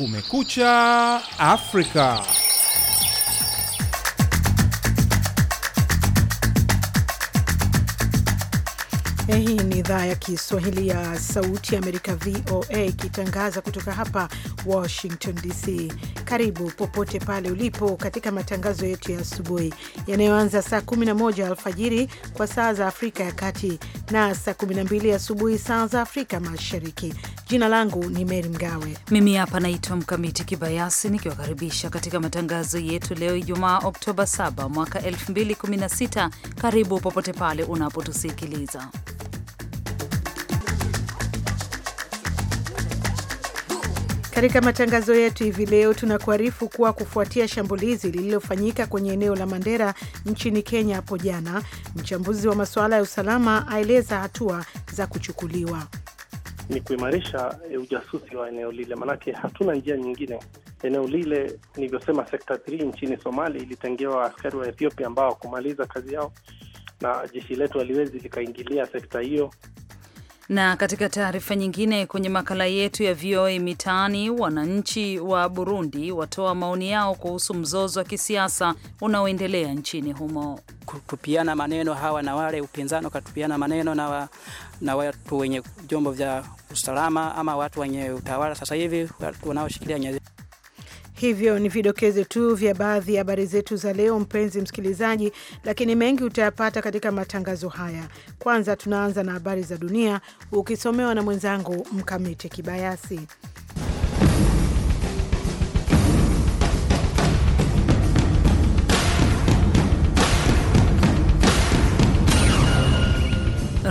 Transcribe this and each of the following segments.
Kumekucha Afrika. Eh, hii ni idhaa ya Kiswahili ya Sauti ya Amerika, VOA, ikitangaza kutoka hapa Washington DC. Karibu popote pale ulipo katika matangazo yetu ya asubuhi yanayoanza saa 11 alfajiri kwa saa za Afrika ya Kati na saa 12 asubuhi saa za Afrika Mashariki. Jina langu ni Meri Mgawe. Mimi hapa naitwa Mkamiti Kibayasi nikiwakaribisha katika matangazo yetu leo Ijumaa Oktoba 7 mwaka 2016. Karibu popote pale unapotusikiliza. Katika matangazo yetu hivi leo tunakuarifu kuwa kufuatia shambulizi lililofanyika kwenye eneo la Mandera nchini Kenya hapo jana, mchambuzi wa masuala ya usalama aeleza hatua za kuchukuliwa ni kuimarisha e, ujasusi wa eneo lile, maanake hatuna njia nyingine. Eneo lile nilivyosema, sekta 3 nchini Somali ilitengewa askari wa Ethiopia ambao wakumaliza kazi yao, na jeshi letu haliwezi likaingilia sekta hiyo na katika taarifa nyingine kwenye makala yetu ya VOA Mitaani, wananchi wa Burundi watoa maoni yao kuhusu mzozo wa kisiasa unaoendelea nchini humo. Kutupiana maneno hawa na wale, upinzani ukatupiana maneno na, wa, na watu wenye vyombo vya usalama ama watu wenye utawala sasa hivi wanaoshikilia nyadhifa Hivyo ni vidokezo tu vya baadhi ya habari zetu za leo, mpenzi msikilizaji, lakini mengi utayapata katika matangazo haya. Kwanza tunaanza na habari za dunia ukisomewa na mwenzangu Mkamiti Kibayasi.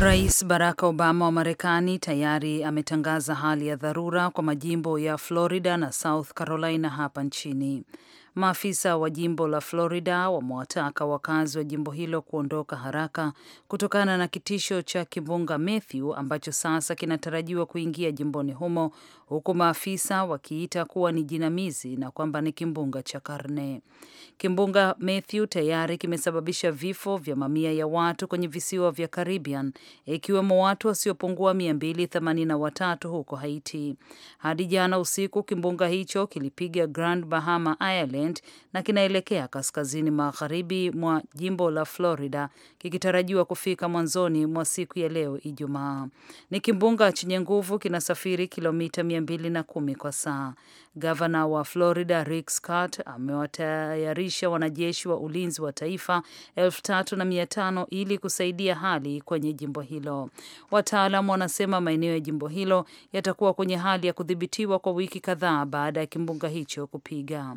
Rais Barack Obama wa Marekani tayari ametangaza hali ya dharura kwa majimbo ya Florida na South Carolina hapa nchini. Maafisa wa jimbo la Florida wamewataka wakazi wa jimbo hilo kuondoka haraka kutokana na kitisho cha kimbunga Matthew ambacho sasa kinatarajiwa kuingia jimboni humo, huku maafisa wakiita kuwa ni jinamizi na kwamba ni kimbunga cha karne. Kimbunga Matthew tayari kimesababisha vifo vya mamia ya watu kwenye visiwa vya Caribbean, ikiwemo watu wasiopungua 283 huko Haiti. Hadi jana usiku kimbunga hicho kilipiga Grand Bahama Island Clement na kinaelekea kaskazini magharibi mwa jimbo la Florida kikitarajiwa kufika mwanzoni mwa siku ya leo Ijumaa. Ni kimbunga chenye nguvu, kinasafiri kilomita 210 kwa saa. Gavana wa Florida Rick Scott amewatayarisha wanajeshi wa ulinzi wa taifa elfu tatu na mia tano ili kusaidia hali kwenye jimbo hilo. Wataalamu wanasema maeneo ya jimbo hilo yatakuwa kwenye hali ya kudhibitiwa kwa wiki kadhaa baada ya kimbunga hicho kupiga.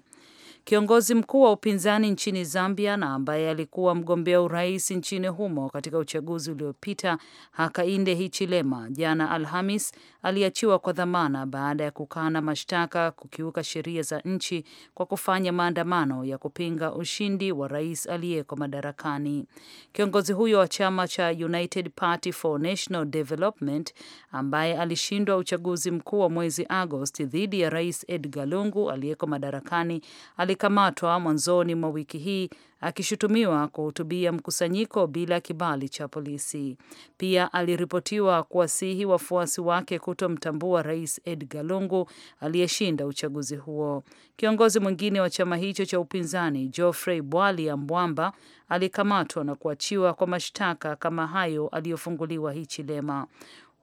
Kiongozi mkuu wa upinzani nchini Zambia na ambaye alikuwa mgombea urais nchini humo katika uchaguzi uliopita, Hakainde Hichilema, jana Alhamis aliachiwa kwa dhamana baada ya kukana mashtaka kukiuka sheria za nchi kwa kufanya maandamano ya kupinga ushindi wa rais aliyeko madarakani. Kiongozi huyo wa chama cha United Party for National Development ambaye alishindwa uchaguzi mkuu wa mwezi Agosti dhidi ya Rais Edgar Lungu aliyeko madarakani alikamatwa mwanzoni mwa wiki hii akishutumiwa kuhutubia mkusanyiko bila kibali cha polisi. Pia aliripotiwa kuwasihi wafuasi wake kutomtambua Rais Edgar Lungu aliyeshinda uchaguzi huo. Kiongozi mwingine wa chama hicho cha upinzani Geoffrey ya Mbwamba alikamatwa na kuachiwa kwa mashtaka kama hayo aliyofunguliwa Hichilema.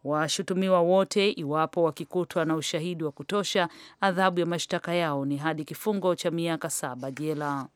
Washutumiwa wote, iwapo wakikutwa na ushahidi wa kutosha, adhabu ya mashtaka yao ni hadi kifungo cha miaka saba jela.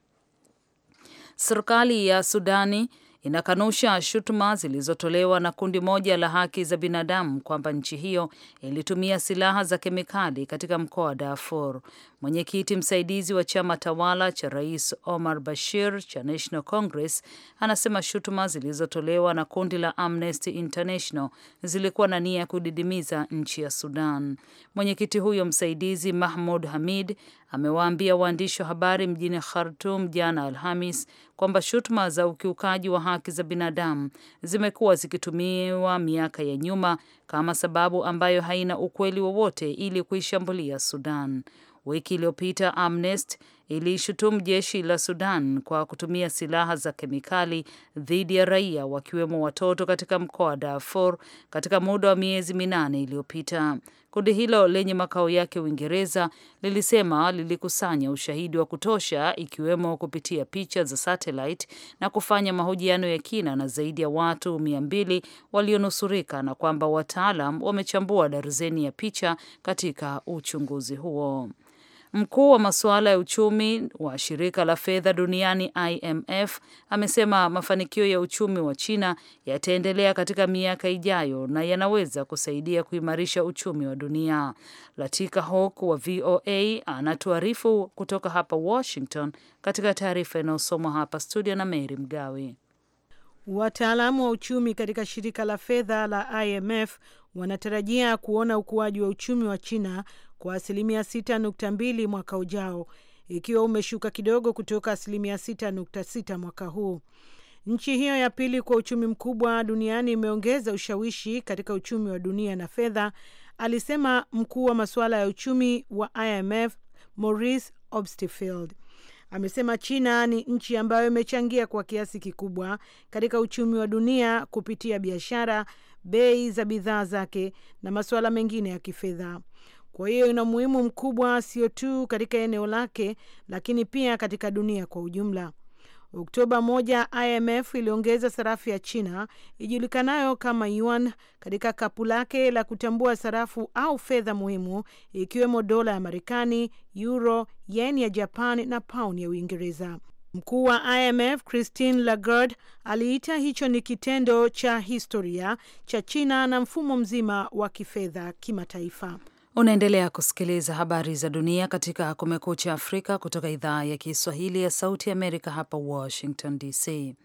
Serikali ya Sudani inakanusha shutuma zilizotolewa na kundi moja la haki za binadamu kwamba nchi hiyo ilitumia silaha za kemikali katika mkoa wa Darfur. Mwenyekiti msaidizi wa chama tawala cha Rais Omar Bashir cha National Congress anasema shutuma zilizotolewa na kundi la Amnesty International zilikuwa na nia ya kudidimiza nchi ya Sudan. Mwenyekiti huyo msaidizi Mahmud Hamid amewaambia waandishi wa habari mjini Khartum jana Alhamis kwamba shutuma za ukiukaji wa haki za binadamu zimekuwa zikitumiwa miaka ya nyuma kama sababu ambayo haina ukweli wowote ili kuishambulia Sudan. Wiki iliyopita Amnesty iliishutumu jeshi la Sudan kwa kutumia silaha za kemikali dhidi ya raia wakiwemo watoto katika mkoa wa Darfur katika muda wa miezi minane iliyopita. Kundi hilo lenye makao yake Uingereza lilisema lilikusanya ushahidi wa kutosha ikiwemo kupitia picha za satellite na kufanya mahojiano ya kina na zaidi ya watu mia mbili walionusurika na kwamba wataalam wamechambua darzeni ya picha katika uchunguzi huo. Mkuu wa masuala ya uchumi wa shirika la fedha duniani IMF amesema mafanikio ya uchumi wa China yataendelea katika miaka ijayo na yanaweza kusaidia kuimarisha uchumi wa dunia. Latika Hawk wa VOA anatuarifu kutoka hapa Washington, katika taarifa inayosomwa hapa studio na Mary Mgawe. Wataalamu wa uchumi katika shirika la fedha la IMF wanatarajia kuona ukuaji wa uchumi wa China kwa asilimia 6.2 mwaka ujao, ikiwa umeshuka kidogo kutoka asilimia 6.6 mwaka huu. Nchi hiyo ya pili kwa uchumi mkubwa duniani imeongeza ushawishi katika uchumi wa dunia na fedha, alisema mkuu wa masuala ya uchumi wa IMF Maurice Obstfeld amesema China ni nchi ambayo imechangia kwa kiasi kikubwa katika uchumi wa dunia kupitia biashara, bei za bidhaa zake na masuala mengine ya kifedha. Kwa hiyo ina umuhimu mkubwa sio tu katika eneo lake, lakini pia katika dunia kwa ujumla. Oktoba 1 IMF iliongeza sarafu ya China ijulikanayo kama yuan katika kapu lake la kutambua sarafu au fedha muhimu, ikiwemo dola ya Marekani, euro, yen ya Japan na pauni ya Uingereza. Mkuu wa IMF Christine Lagarde aliita hicho ni kitendo cha historia cha China na mfumo mzima wa kifedha kimataifa. Unaendelea kusikiliza habari za dunia katika Kumekucha Afrika kutoka idhaa ya Kiswahili ya Sauti Amerika, hapa Washington DC.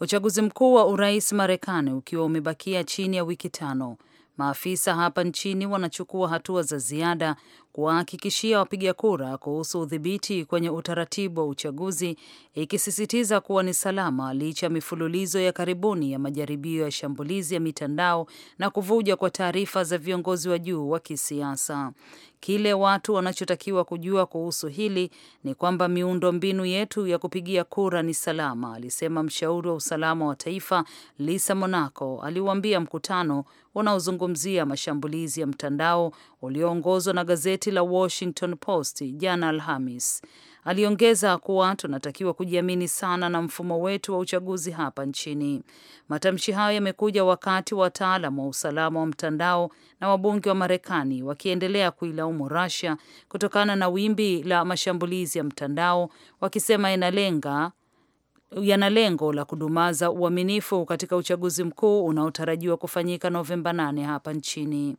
Uchaguzi mkuu wa urais Marekani ukiwa umebakia chini ya wiki tano, maafisa hapa nchini wanachukua hatua za ziada kuwahakikishia wapiga kura kuhusu udhibiti kwenye utaratibu wa uchaguzi, ikisisitiza kuwa ni salama licha ya mifululizo ya karibuni ya majaribio ya shambulizi ya mitandao na kuvuja kwa taarifa za viongozi wa juu wa kisiasa. Kile watu wanachotakiwa kujua kuhusu hili ni kwamba miundo mbinu yetu ya kupigia kura ni salama, alisema mshauri wa usalama wa taifa Lisa Monaco. Aliwaambia mkutano unaozungumzia mashambulizi ya mtandao ulioongozwa na gazeti gazeti la Washington Post jana Alhamis. Aliongeza kuwa tunatakiwa kujiamini sana na mfumo wetu wa uchaguzi hapa nchini. Matamshi hayo yamekuja wakati wataalam wa usalama wa mtandao na wabunge wa Marekani wakiendelea kuilaumu Russia kutokana na wimbi la mashambulizi ya mtandao, wakisema inalenga yana lengo la kudumaza uaminifu katika uchaguzi mkuu unaotarajiwa kufanyika Novemba 8 hapa nchini.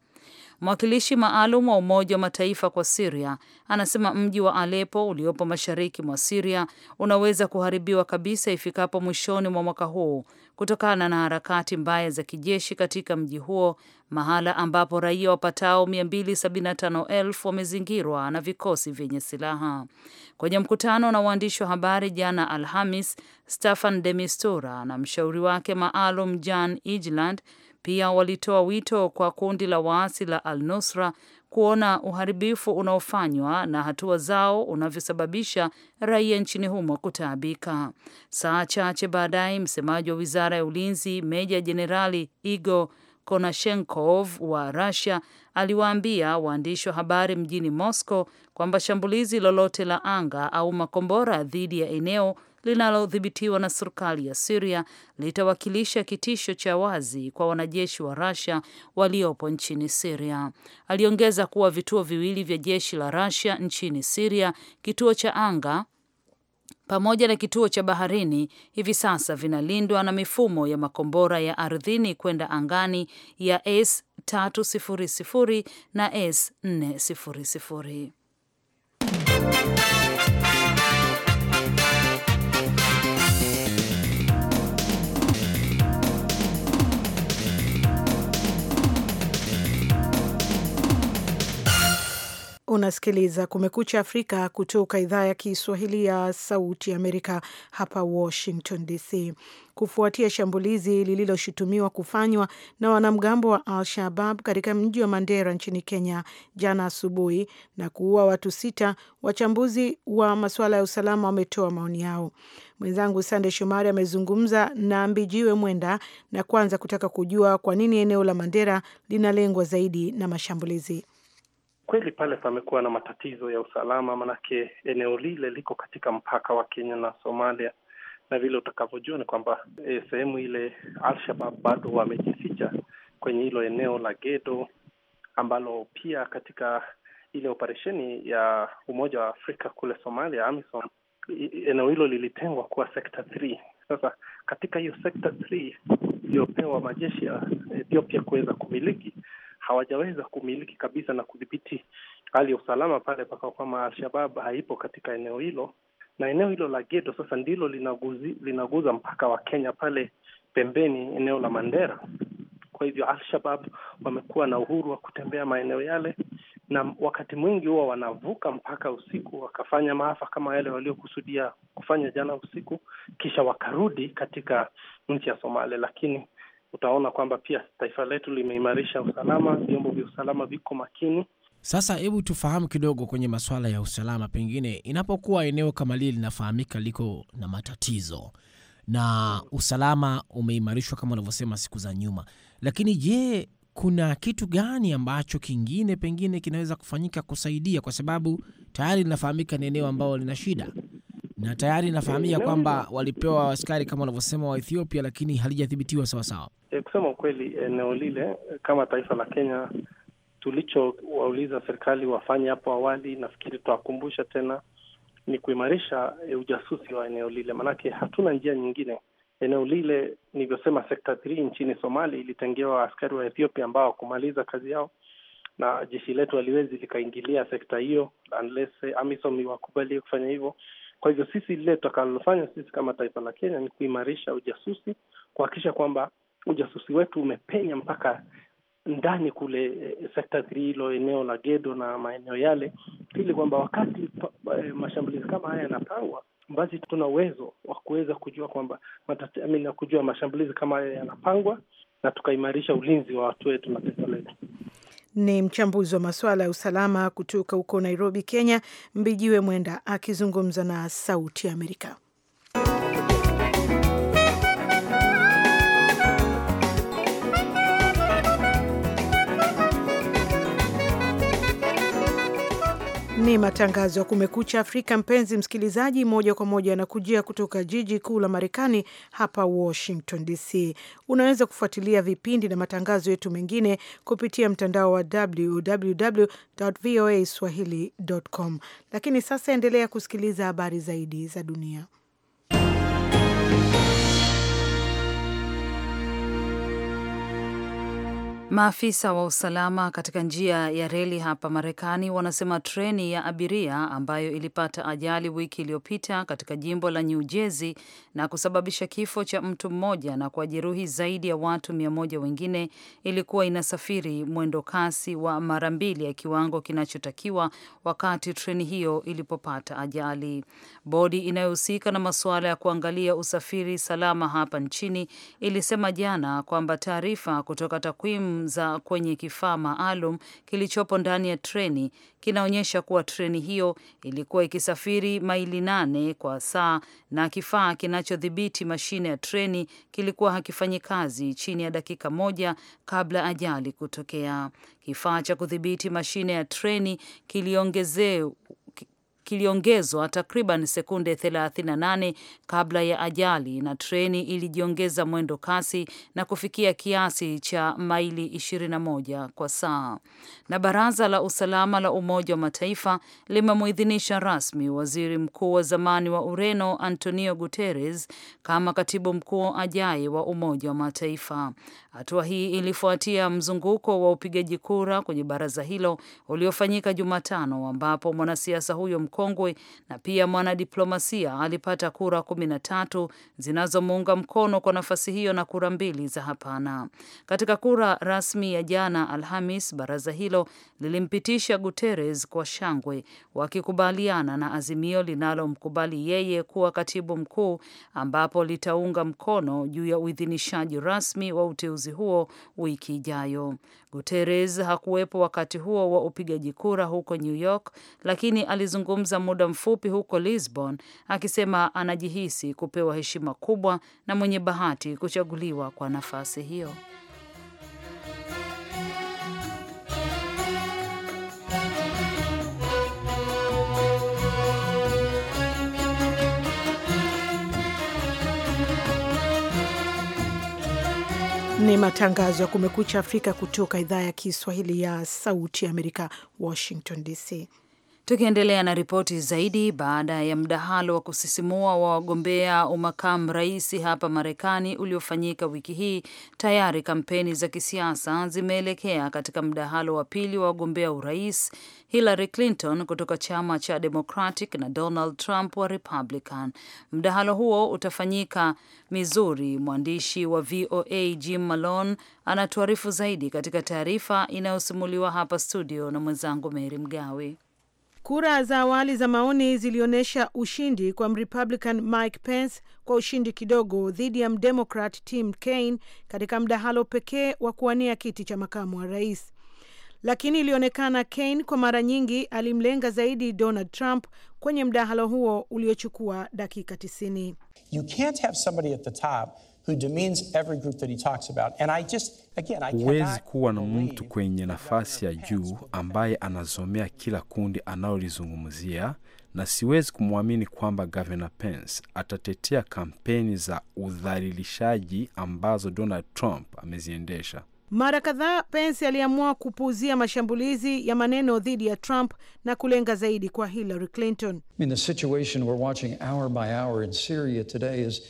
Mwakilishi maalum wa Umoja wa Mataifa kwa Siria anasema mji wa Alepo uliopo mashariki mwa Siria unaweza kuharibiwa kabisa ifikapo mwishoni mwa mwaka huu kutokana na harakati mbaya za kijeshi katika mji huo, mahala ambapo raia wapatao 275,000 wamezingirwa na vikosi vyenye silaha. Kwenye mkutano na waandishi wa habari jana Alhamis, Staffan de Mistura na mshauri wake maalum Jan Egeland pia walitoa wito kwa kundi la waasi la al-Nusra kuona uharibifu unaofanywa na hatua zao unavyosababisha raia nchini humo kutaabika. Saa chache baadaye, msemaji wa wizara ya ulinzi meja jenerali Igor Konashenkov wa Russia aliwaambia waandishi wa habari mjini Moscow kwamba shambulizi lolote la anga au makombora dhidi ya eneo linalodhibitiwa na serikali ya Siria litawakilisha kitisho cha wazi kwa wanajeshi wa Russia waliopo nchini Siria. Aliongeza kuwa vituo viwili vya jeshi la Russia nchini Siria, kituo cha anga pamoja na kituo cha baharini hivi sasa vinalindwa na mifumo ya makombora ya ardhini kwenda angani ya S300 na S400. Unasikiliza Kumekucha Afrika kutoka idhaa ya Kiswahili ya Sauti Amerika, hapa Washington DC. Kufuatia shambulizi lililoshutumiwa kufanywa na wanamgambo wa Al Shabab katika mji wa Mandera nchini Kenya jana asubuhi na kuua watu sita, wachambuzi wa masuala ya usalama wametoa maoni yao. Mwenzangu Sande Shomari amezungumza na Mbijiwe Mwenda na kwanza kutaka kujua kwa nini eneo la Mandera linalengwa zaidi na mashambulizi kweli pale pamekuwa na matatizo ya usalama, manake eneo lile liko katika mpaka wa Kenya na Somalia, na vile utakavyojua ni kwamba e, sehemu ile alshabab bado wamejificha kwenye hilo eneo la Gedo, ambalo pia katika ile operesheni ya Umoja wa Afrika kule Somalia, AMISOM, eneo hilo lilitengwa kuwa sekta 3. Sasa katika hiyo sekta 3 iliyopewa majeshi ya Ethiopia kuweza kumiliki hawajaweza kumiliki kabisa na kudhibiti hali ya usalama pale, mpaka kwamba Alshabab haipo katika eneo hilo, na eneo hilo la Gedo sasa ndilo linaguzi, linaguza mpaka wa Kenya pale pembeni, eneo la Mandera. Kwa hivyo Alshabab wamekuwa na uhuru wa kutembea maeneo yale, na wakati mwingi huwa wanavuka mpaka usiku wakafanya maafa kama yale waliokusudia kufanya jana usiku, kisha wakarudi katika nchi ya Somalia, lakini utaona kwamba pia taifa letu limeimarisha usalama, vyombo vya usalama viko makini. Sasa hebu tufahamu kidogo kwenye masuala ya usalama, pengine inapokuwa eneo kama lile linafahamika liko na matatizo na usalama umeimarishwa kama unavyosema siku za nyuma, lakini je, kuna kitu gani ambacho kingine pengine kinaweza kufanyika kusaidia? Kwa sababu tayari linafahamika ni eneo ambao lina shida na tayari inafahamia kwamba walipewa askari kama unavyosema wa Ethiopia, lakini halijathibitiwa sawasawa. E, kusema ukweli, eneo lile eh, kama taifa la Kenya tulichowauliza serikali wafanye hapo awali, nafikiri tutawakumbusha tena, ni kuimarisha e, ujasusi wa eneo lile, maanake hatuna njia nyingine. Eneo lile nilivyosema, sekta 3 nchini Somalia ilitengewa askari wa Ethiopia ambao wakumaliza kazi yao, na jeshi letu haliwezi likaingilia sekta hiyo unless AMISOM iwakubalie kufanya hivyo. Kwa hivyo sisi lile tutakalofanya sisi kama taifa la Kenya ni kuimarisha ujasusi, kuhakikisha kwamba ujasusi wetu umepenya mpaka ndani kule eh, sekta 3 hilo eneo la Gedo na maeneo yale, ili kwamba wakati e, mashambulizi kama haya yanapangwa, basi tuna uwezo wa kuweza kujua kwamba kujua mashambulizi kama haya yanapangwa na tukaimarisha ulinzi wa watu wetu na taifa letu. Ni mchambuzi wa masuala ya usalama kutoka huko Nairobi, Kenya, Mbijiwe Mwenda akizungumza na Sauti ya Amerika. Ni matangazo ya Kumekucha Afrika, mpenzi msikilizaji, moja kwa moja yanakujia kutoka jiji kuu la Marekani, hapa Washington DC. Unaweza kufuatilia vipindi na matangazo yetu mengine kupitia mtandao wa www voa swahili com, lakini sasa endelea kusikiliza habari zaidi za dunia. Maafisa wa usalama katika njia ya reli hapa Marekani wanasema treni ya abiria ambayo ilipata ajali wiki iliyopita katika jimbo la New Jersey na kusababisha kifo cha mtu mmoja na kuwajeruhi zaidi ya watu mia moja wengine ilikuwa inasafiri mwendo kasi wa mara mbili ya kiwango kinachotakiwa wakati treni hiyo ilipopata ajali. Bodi inayohusika na masuala ya kuangalia usafiri salama hapa nchini ilisema jana kwamba taarifa kutoka takwimu za kwenye kifaa maalum kilichopo ndani ya treni kinaonyesha kuwa treni hiyo ilikuwa ikisafiri maili nane kwa saa na kifaa kinachodhibiti mashine ya treni kilikuwa hakifanyi kazi chini ya dakika moja kabla ajali kutokea. Kifaa cha kudhibiti mashine ya treni kiliongezewa kiliongezwa takriban sekunde 38 kabla ya ajali, na treni ilijiongeza mwendo kasi na kufikia kiasi cha maili 21 kwa saa. Na baraza la usalama la Umoja wa Mataifa limemuidhinisha rasmi waziri mkuu wa zamani wa Ureno Antonio Guterres kama katibu mkuu ajaye wa Umoja wa Mataifa. Hatua hii ilifuatia mzunguko wa upigaji kura kwenye baraza hilo uliofanyika Jumatano, ambapo mwanasiasa huyo mkongwe na pia mwanadiplomasia, alipata kura kumi na tatu zinazomuunga mkono kwa nafasi hiyo na kura mbili za hapana. Katika kura rasmi ya jana Alhamis, baraza hilo lilimpitisha Guterres kwa shangwe, wakikubaliana na azimio linalomkubali yeye kuwa katibu mkuu, ambapo litaunga mkono juu ya uidhinishaji rasmi wa uteuzi huo wiki ijayo. Guterres hakuwepo wakati huo wa upigaji kura huko New York, lakini alizungumza muda mfupi huko Lisbon akisema anajihisi kupewa heshima kubwa na mwenye bahati kuchaguliwa kwa nafasi hiyo. Ni matangazo ya Kumekucha Afrika kutoka idhaa ya Kiswahili ya Sauti Amerika, Washington DC. Tukiendelea na ripoti zaidi, baada ya mdahalo wa kusisimua wa wagombea umakamu rais hapa Marekani uliofanyika wiki hii, tayari kampeni za kisiasa zimeelekea katika mdahalo wa pili wa wagombea urais, Hillary Clinton kutoka chama cha Democratic na Donald Trump wa Republican. Mdahalo huo utafanyika Missouri. Mwandishi wa VOA Jim Malone anatuarifu zaidi katika taarifa inayosimuliwa hapa studio na mwenzangu Mary Mgawe. Kura za awali za maoni zilionyesha ushindi kwa Mrepublican Mike Pence kwa ushindi kidogo dhidi ya Mdemokrat Tim Kaine katika mdahalo pekee wa kuwania kiti cha makamu wa rais. Lakini ilionekana Kaine kwa mara nyingi alimlenga zaidi Donald Trump kwenye mdahalo huo uliochukua dakika 90. You can't have somebody at the top huwezi kuwa na mtu kwenye nafasi ya juu ambaye anazomea kila kundi analolizungumzia na siwezi kumwamini kwamba Gavana Pence atatetea kampeni za udhalilishaji ambazo Donald Trump ameziendesha. Mara kadhaa Pence aliamua kupuuzia mashambulizi ya maneno dhidi ya Trump na kulenga zaidi kwa Hillary Clinton. I mean, the situation we're watching hour by hour in Syria today is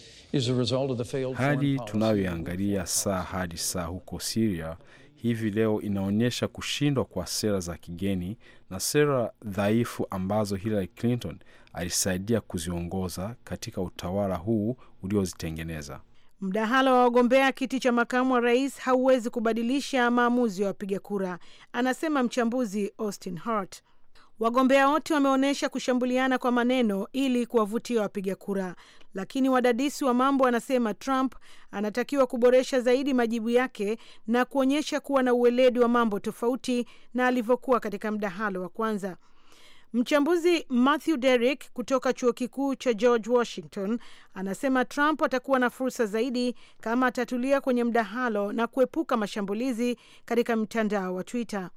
Hali tunayoiangalia saa hadi saa huko Siria hivi leo inaonyesha kushindwa kwa sera za kigeni na sera dhaifu ambazo Hillary Clinton alisaidia kuziongoza katika utawala huu uliozitengeneza. Mdahalo wa wagombea kiti cha makamu wa rais hauwezi kubadilisha maamuzi ya wapiga kura, anasema mchambuzi Austin Hart. Wagombea wote wameonyesha kushambuliana kwa maneno ili kuwavutia wapiga kura, lakini wadadisi wa mambo wanasema Trump anatakiwa kuboresha zaidi majibu yake na kuonyesha kuwa na uweledi wa mambo tofauti na alivyokuwa katika mdahalo wa kwanza. Mchambuzi Matthew Derrick kutoka chuo kikuu cha George Washington anasema Trump atakuwa na fursa zaidi kama atatulia kwenye mdahalo na kuepuka mashambulizi katika mtandao wa Twitter.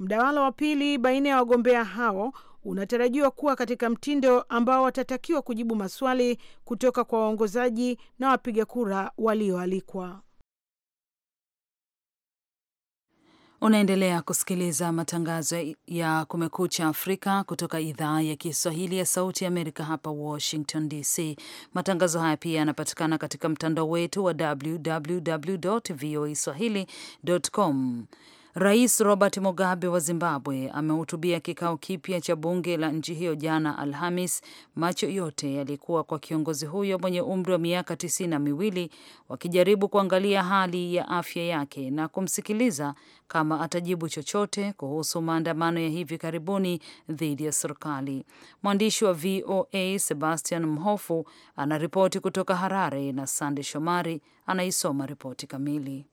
Mdawalo wa pili baina ya wagombea hao unatarajiwa kuwa katika mtindo ambao watatakiwa kujibu maswali kutoka kwa waongozaji na wapiga kura walioalikwa. Unaendelea kusikiliza matangazo ya Kumekucha Afrika kutoka idhaa ya Kiswahili ya Sauti Amerika, hapa Washington DC. Matangazo haya pia yanapatikana katika mtandao wetu wa www voa swahili.com. Rais Robert Mugabe wa Zimbabwe amehutubia kikao kipya cha bunge la nchi hiyo jana Alhamis. Macho yote yalikuwa kwa kiongozi huyo mwenye umri wa miaka tisini na miwili, wakijaribu kuangalia hali ya afya yake na kumsikiliza kama atajibu chochote kuhusu maandamano ya hivi karibuni dhidi ya serikali. Mwandishi wa VOA Sebastian Mhofu anaripoti kutoka Harare na Sande Shomari anaisoma ripoti kamili.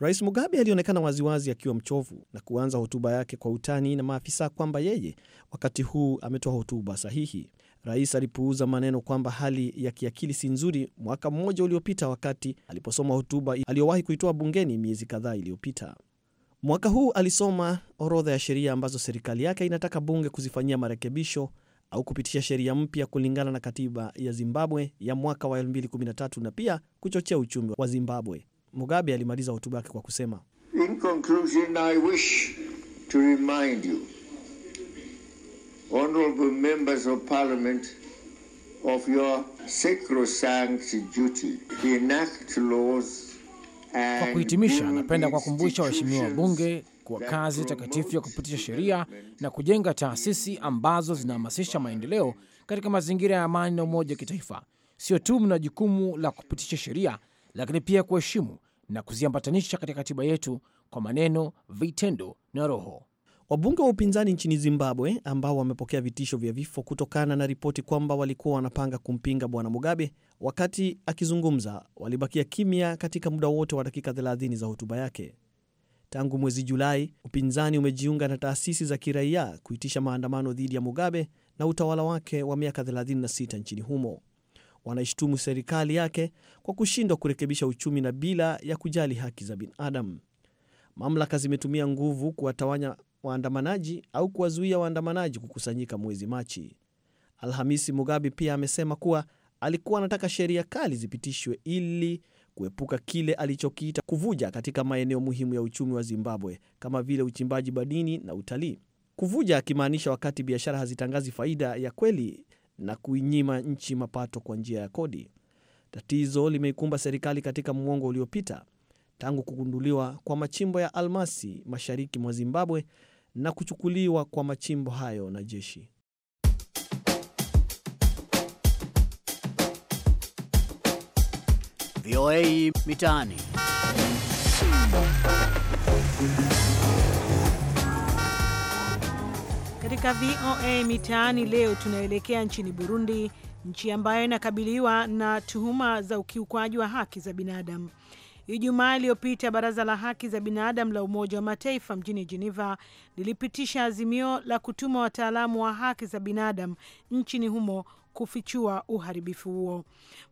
Rais Mugabe alionekana waziwazi akiwa mchovu na kuanza hotuba yake kwa utani na maafisa kwamba yeye wakati huu ametoa hotuba sahihi. Rais alipuuza maneno kwamba hali ya kiakili si nzuri mwaka mmoja uliopita wakati aliposoma hotuba aliyowahi kuitoa bungeni miezi kadhaa iliyopita. Mwaka huu alisoma orodha ya sheria ambazo serikali yake inataka bunge kuzifanyia marekebisho au kupitisha sheria mpya kulingana na katiba ya Zimbabwe ya mwaka wa 213 na pia kuchochea uchumi wa Zimbabwe. Mugabe alimaliza hotuba yake kwa kusema In conclusion, I wish to remind you, honorable members of parliament, of your sacrosanct duty to enact laws. Kwa kuhitimisha, napenda kuwakumbusha waheshimiwa wabunge kuwa kazi takatifu ya kupitisha sheria na kujenga taasisi ambazo zinahamasisha maendeleo katika mazingira ya amani na umoja wa kitaifa. Sio tu mna jukumu la kupitisha sheria lakini pia kuheshimu na kuziambatanisha katika katiba yetu kwa maneno, vitendo na roho. Wabunge wa upinzani nchini Zimbabwe ambao wamepokea vitisho vya vifo kutokana na ripoti kwamba walikuwa wanapanga kumpinga Bwana Mugabe wakati akizungumza, walibakia kimya katika muda wote wa dakika 30 za hotuba yake. Tangu mwezi Julai, upinzani umejiunga na taasisi za kiraia kuitisha maandamano dhidi ya Mugabe na utawala wake wa miaka 36 nchini humo wanaishtumu serikali yake kwa kushindwa kurekebisha uchumi na bila ya kujali haki za binadamu. Mamlaka zimetumia nguvu kuwatawanya waandamanaji au kuwazuia waandamanaji kukusanyika mwezi Machi. Alhamisi, Mugabe pia amesema kuwa alikuwa anataka sheria kali zipitishwe ili kuepuka kile alichokiita kuvuja katika maeneo muhimu ya uchumi wa Zimbabwe kama vile uchimbaji madini na utalii. Kuvuja akimaanisha wakati biashara hazitangazi faida ya kweli na kuinyima nchi mapato kwa njia ya kodi. Tatizo limeikumba serikali katika mwongo uliopita tangu kugunduliwa kwa machimbo ya almasi mashariki mwa Zimbabwe na kuchukuliwa kwa machimbo hayo na jeshi. VOA Mitaani. katika VOA Mitaani leo tunaelekea nchini Burundi, nchi ambayo inakabiliwa na tuhuma za ukiukwaji wa haki za binadamu. Ijumaa iliyopita baraza la haki za binadamu la Umoja wa Mataifa mjini Geneva lilipitisha azimio la kutuma wataalamu wa haki za binadamu nchini humo kufichua uharibifu huo.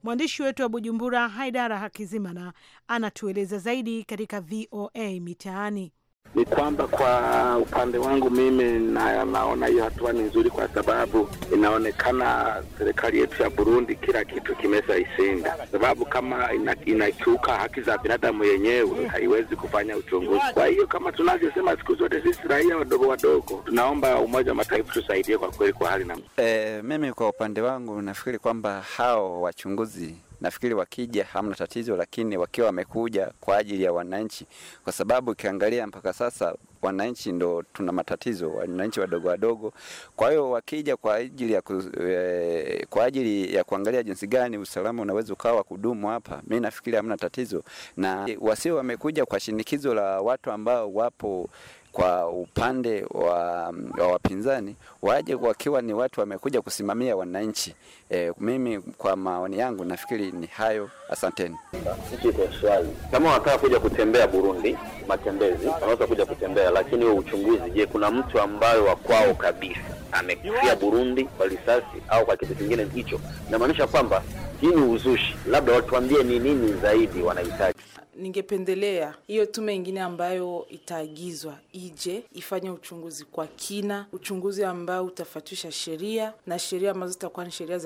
Mwandishi wetu wa Bujumbura, Haidara Hakizimana, anatueleza zaidi katika VOA Mitaani. Ni kwamba kwa upande wangu mimi na, naona hiyo hatua ni nzuri, kwa sababu inaonekana serikali yetu ya Burundi kila kitu kimeza isinda, sababu kama inakiuka ina haki za binadamu yenyewe haiwezi kufanya uchunguzi. Kwa hiyo kama tunavyosema siku zote sisi raia wadogo wadogo, tunaomba Umoja wa Mataifa tusaidie kwa kweli kwa hali na eh, mimi kwa upande wangu nafikiri kwamba hao wachunguzi nafikiri wakija hamna tatizo, lakini wakiwa wamekuja kwa ajili ya wananchi, kwa sababu ukiangalia mpaka sasa wananchi ndo tuna matatizo, wananchi wadogo wadogo. Kwa hiyo wakija kwa ajili ya, e, kwa ajili ya kuangalia jinsi gani usalama unaweza ukawa wa kudumu hapa, mi nafikiri hamna tatizo, na wasio wamekuja kwa shinikizo la watu ambao wapo kwa upande wa, wa wapinzani waje wakiwa ni watu wamekuja kusimamia wananchi. E, mimi kwa maoni yangu nafikiri ni hayo, asanteni. Kama wanataka kuja kutembea Burundi, matembezi wanaweza kuja kutembea, lakini huo uchunguzi, je, kuna mtu ambayo wa kwao kabisa amekufia Burundi kwa risasi au kwa kitu kingine hicho? namaanisha kwamba hii ni uzushi, labda watuambie ni nini zaidi wanahitaji ningependelea hiyo tume ingine ambayo itaagizwa ije ifanye uchunguzi kwa kina, uchunguzi ambao utafatisha sheria na sheria ambazo zitakuwa ni sheria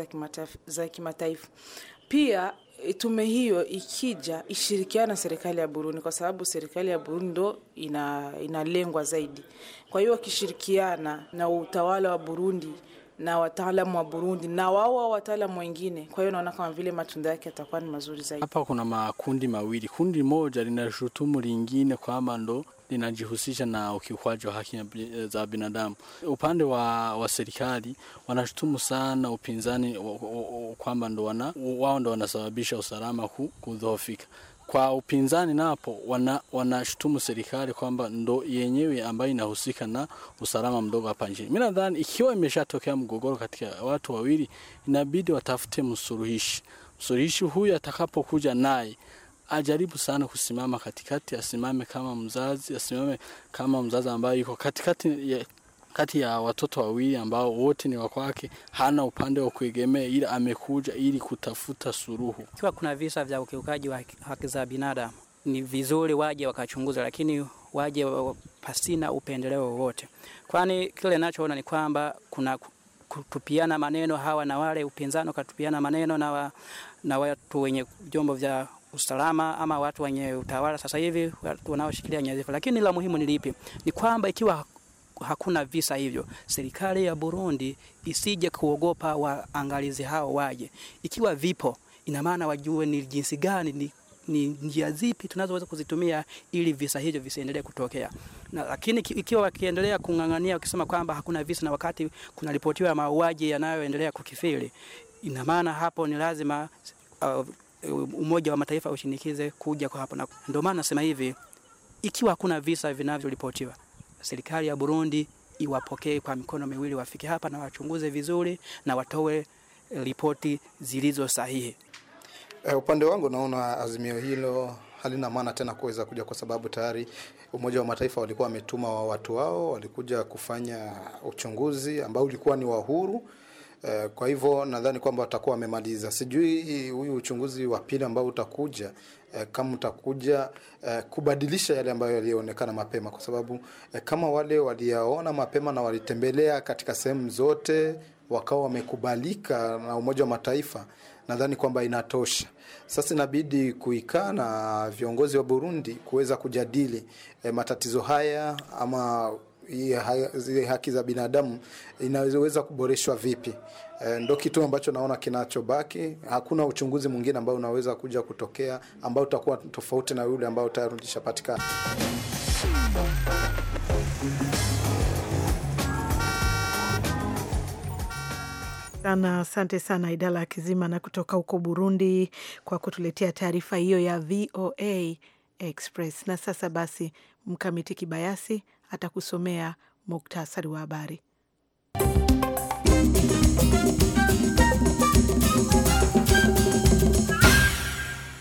za kimataifa, Pia e, tume hiyo ikija ishirikiana na serikali ya Burundi kwa sababu serikali ya Burundi ndo ina, zaidi. Kwa hiyo wakishirikiana na utawala wa Burundi na wataalamu wa Burundi na wao wataalamu wengine. Kwa hiyo naona kama vile matunda yake yatakuwa ni mazuri zaidi. Hapa kuna makundi mawili, kundi moja linashutumu lingine kwamba ndo linajihusisha na ukiukwaji wa haki za binadamu. Upande wa, wa serikali wanashutumu sana upinzani kwamba ndo wana wao ndo wanasababisha usalama kudhoofika. Kwa upinzani napo wanashutumu wana serikali kwamba ndo yenyewe ambayo inahusika na usalama mdogo hapa nchini. Mi nadhani ikiwa imeshatokea mgogoro katika watu wawili, inabidi watafute msuluhishi. Msuluhishi huyu atakapokuja naye ajaribu sana kusimama katikati, asimame kama mzazi, asimame kama mzazi ambaye yuko katikati ya kati ya watoto wawili ambao wote ni wakwake hana upande wa kuegemea, ila amekuja ili kutafuta suruhu. Ikiwa kuna visa vya ukiukaji wa haki za binadamu, ni vizuri waje wakachunguza, lakini waje pasina upendeleo wowote, kwani kile nachoona ni kwamba kuna kutupiana maneno hawa na wale, upinzani ukatupiana maneno na, wa, na watu wenye vyombo vya usalama ama watu wenye utawala sasa hivi wanaoshikilia nyadhifa. Lakini la muhimu ni lipi? Ni kwamba ikiwa hakuna visa hivyo. Serikali ya Burundi isije kuogopa waangalizi hao waje, ikiwa vipo, ina maana wajue ni jinsi gani ni ni njia zipi tunazoweza kuzitumia ili visa hivyo visiendelee kutokea. Na lakini ikiwa wakiendelea kung'ang'ania wakisema kwamba hakuna visa na wakati ya mauaji yanayoendelea kukifiri, ina maana hapo ni lazima uh, Umoja wa Mataifa ushinikize kuja kwa hapo, na ndio maana nasema hivi, ikiwa hakuna visa vinavyoripotiwa serikali ya Burundi iwapokee kwa mikono miwili, wafike hapa na wachunguze vizuri na watoe eh, ripoti zilizo sahihi. E, upande wangu naona azimio hilo halina maana tena kuweza kuja kwa sababu tayari Umoja wa Mataifa walikuwa wametuma wa watu wao, walikuja kufanya uchunguzi ambao ulikuwa ni wa huru Eh, kwa hivyo nadhani kwamba watakuwa wamemaliza. Sijui huyu uchunguzi wa pili ambao utakuja eh, kama utakuja eh, kubadilisha yale ambayo yalionekana mapema, kwa sababu kama wale waliyaona mapema na walitembelea katika sehemu zote wakawa wamekubalika na Umoja wa Mataifa, nadhani kwamba inatosha. Sasa inabidi kuikaa na viongozi wa Burundi kuweza kujadili matatizo haya ama zile haki za binadamu inaweza kuboreshwa vipi? E, ndo kitu ambacho naona kinachobaki. Hakuna uchunguzi mwingine ambao unaweza kuja kutokea ambao utakuwa tofauti na yule ambao tayari ulishapatikana. Sana, asante sana Idala ya Kizima na kutoka huko Burundi kwa kutuletea taarifa hiyo ya VOA Express. Na sasa basi, Mkamiti Kibayasi atakusomea muktasari wa habari.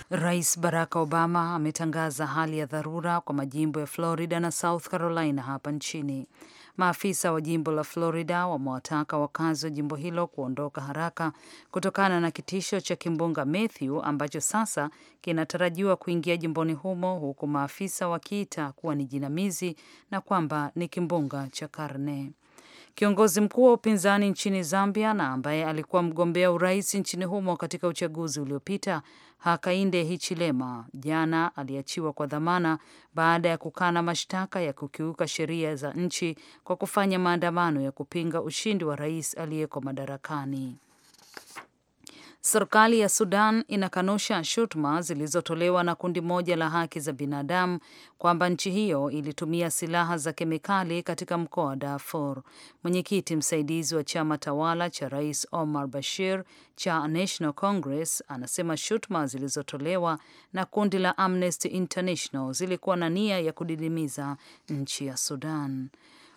Rais Barack Obama ametangaza hali ya dharura kwa majimbo ya Florida na South Carolina hapa nchini. Maafisa wa jimbo la Florida wamewataka wakazi wa jimbo hilo kuondoka haraka kutokana na kitisho cha kimbunga Matthew ambacho sasa kinatarajiwa kuingia jimboni humo, huku maafisa wakiita kuwa ni jinamizi na kwamba ni kimbunga cha karne. Kiongozi mkuu wa upinzani nchini Zambia na ambaye alikuwa mgombea urais nchini humo katika uchaguzi uliopita, Hakainde Hichilema, jana aliachiwa kwa dhamana baada ya kukana mashtaka ya kukiuka sheria za nchi kwa kufanya maandamano ya kupinga ushindi wa rais aliyeko madarakani. Serikali ya Sudan inakanusha shutuma zilizotolewa na kundi moja la haki za binadamu kwamba nchi hiyo ilitumia silaha za kemikali katika mkoa wa Darfur. Mwenyekiti msaidizi wa chama tawala cha Rais Omar Bashir cha National Congress anasema shutuma zilizotolewa na kundi la Amnesty International zilikuwa na nia ya kudidimiza nchi ya Sudan.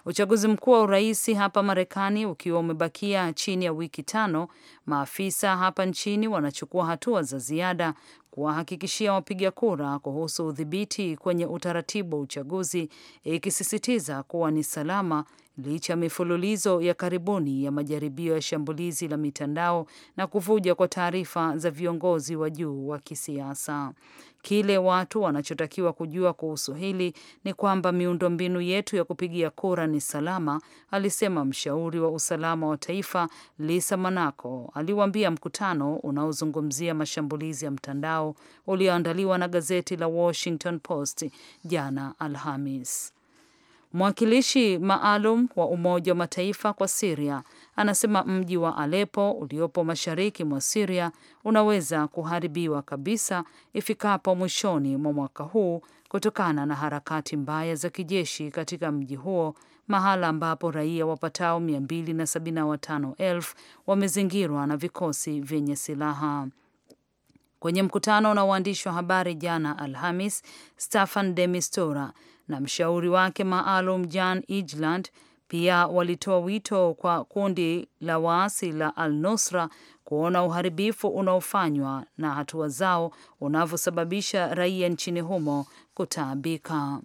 Uchaguzi mkuu wa urais hapa Marekani ukiwa umebakia chini ya wiki tano, maafisa hapa nchini wanachukua hatua za ziada kuwahakikishia wapiga kura kuhusu udhibiti kwenye utaratibu wa uchaguzi, ikisisitiza kuwa ni salama licha ya mifululizo ya karibuni ya majaribio ya shambulizi la mitandao na kuvuja kwa taarifa za viongozi wa juu wa kisiasa. Kile watu wanachotakiwa kujua kuhusu hili ni kwamba miundombinu yetu ya kupigia kura ni salama, alisema mshauri wa usalama wa taifa Lisa Manako, aliwaambia mkutano unaozungumzia mashambulizi ya mtandao yao ulioandaliwa na gazeti la Washington Post jana Alhamis. Mwakilishi maalum wa Umoja wa Mataifa kwa Siria anasema mji wa Alepo uliopo mashariki mwa Siria unaweza kuharibiwa kabisa ifikapo mwishoni mwa mwaka huu kutokana na harakati mbaya za kijeshi katika mji huo, mahala ambapo raia wapatao 275,000 wamezingirwa na vikosi vyenye silaha. Kwenye mkutano na waandishi wa habari jana Alhamis, Staffan de Mistura na mshauri wake maalum Jan Egeland pia walitoa wito kwa kundi la waasi la Al-Nusra kuona uharibifu unaofanywa na hatua zao unavyosababisha raia nchini humo kutaabika.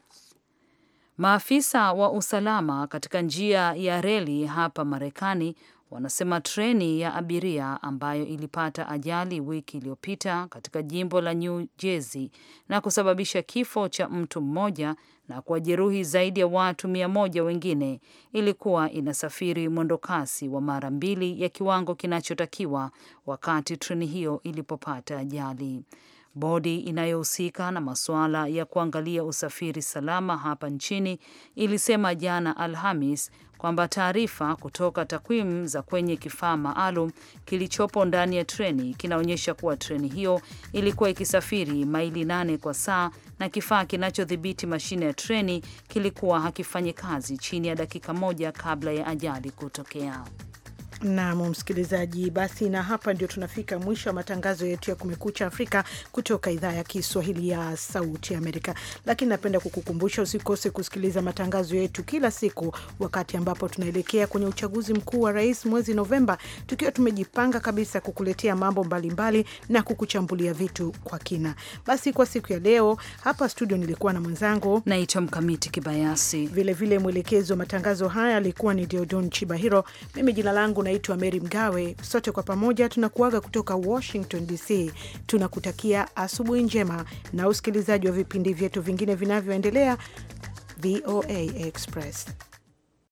Maafisa wa usalama katika njia ya reli hapa Marekani Wanasema treni ya abiria ambayo ilipata ajali wiki iliyopita katika jimbo la New Jersey na kusababisha kifo cha mtu mmoja na kuwajeruhi zaidi ya watu mia moja wengine ilikuwa inasafiri mwendokasi wa mara mbili ya kiwango kinachotakiwa wakati treni hiyo ilipopata ajali. Bodi inayohusika na masuala ya kuangalia usafiri salama hapa nchini ilisema jana Alhamis kwamba taarifa kutoka takwimu za kwenye kifaa maalum kilichopo ndani ya treni kinaonyesha kuwa treni hiyo ilikuwa ikisafiri maili nane kwa saa na kifaa kinachodhibiti mashine ya treni kilikuwa hakifanyi kazi chini ya dakika moja kabla ya ajali kutokea. Nam msikilizaji, basi na hapa ndio tunafika mwisho wa matangazo yetu ya Kumekucha Afrika kutoka idhaa ya Kiswahili ya Sauti Amerika. Lakini napenda kukukumbusha usikose kusikiliza matangazo yetu kila siku, wakati ambapo tunaelekea kwenye uchaguzi mkuu wa rais mwezi Novemba, tukiwa tumejipanga kabisa kukuletea mambo mbalimbali mbali na kukuchambulia vitu kwa kina. Basi kwa siku ya leo hapa studio nilikuwa na mwenzangu naitwa Mkamiti Kibayasi, vilevile mwelekezi wa matangazo haya alikuwa ni Deodon Chibahiro, mimi jina langu naitwa Mary Mgawe. Sote kwa pamoja tunakuaga kutoka Washington DC, tunakutakia asubuhi njema na usikilizaji wa vipindi vyetu vingine vinavyoendelea. VOA Express.